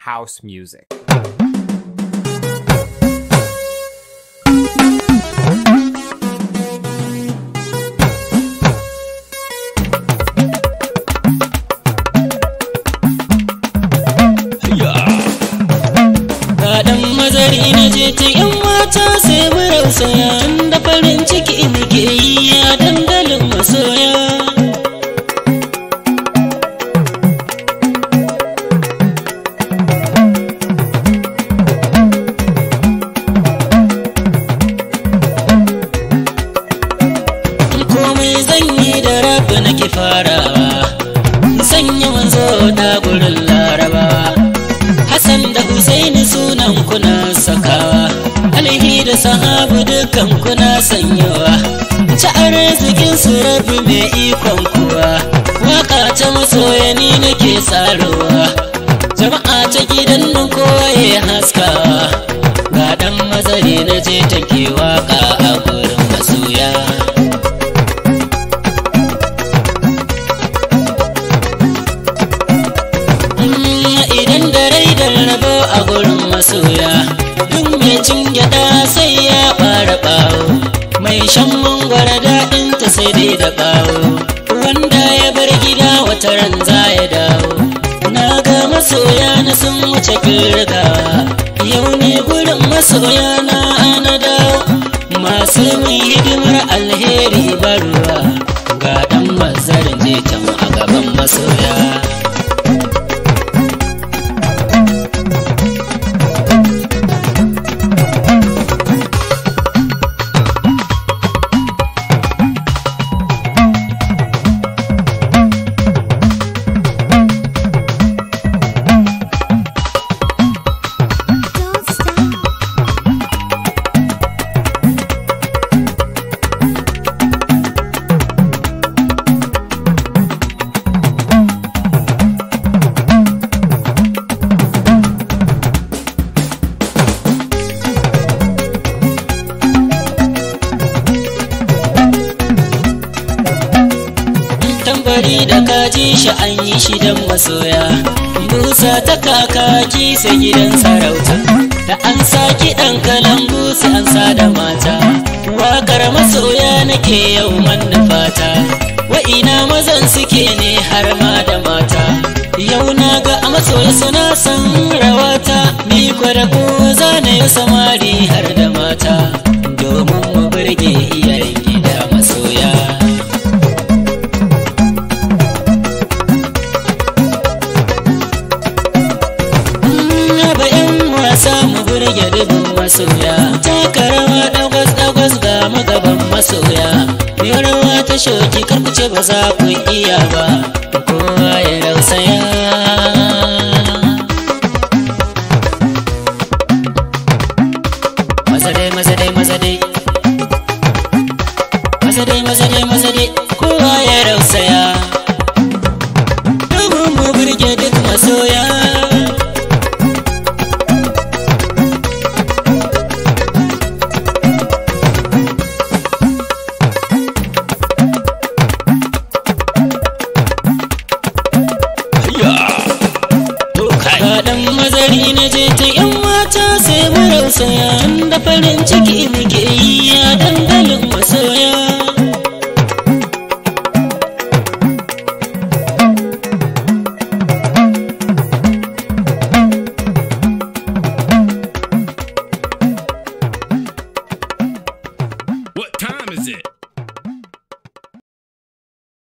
house music. mazari na je ta yan mata sai marausaya da farin ciki nake yi nake farawa sanya wanzo da gurin larabawa hassan da husaini sunan kuna sakawa alhi da sahabu dukan kuna sanyawa ci arzikin su rabu mai ikon kuwa waka ta ni nake tsarowa jama'a ta gidan nan kowa ya haskawa ga dan mazari na je take waka a gurin rabo a gurin masoya duk mai cin gyada sai ya fara bawo mai shan mangwara daɗin ta sai dai da bawo wanda ya bar gida wata ran za ya dawo na ga masoya na sun wuce kirgawa yau ne gurin masoya na ana dawo masu mai hidimar alheri baruwa ga ɗan mazarin je can a gaban masoya Labari da kaji shi an yi shi don masoya Musa ta kakaki sai gidan sarauta Da an sa kiɗan kalan sai an sa da mata Wakar masoya nake yau manna fata Wa'ina mazan suke ne har ma da mata Yau na ga a masoya suna san rawata Ni kwada ko zanayi samari har da mata girbin masoya taka rawa dagwas ga magaban masoya mai rawa ta shoki karkuce ba za ku iya ba kowa ya rausaya mazadai mazadai mu birge duk masoya Ni na je ta yan mata sai murar sayan da farin ciki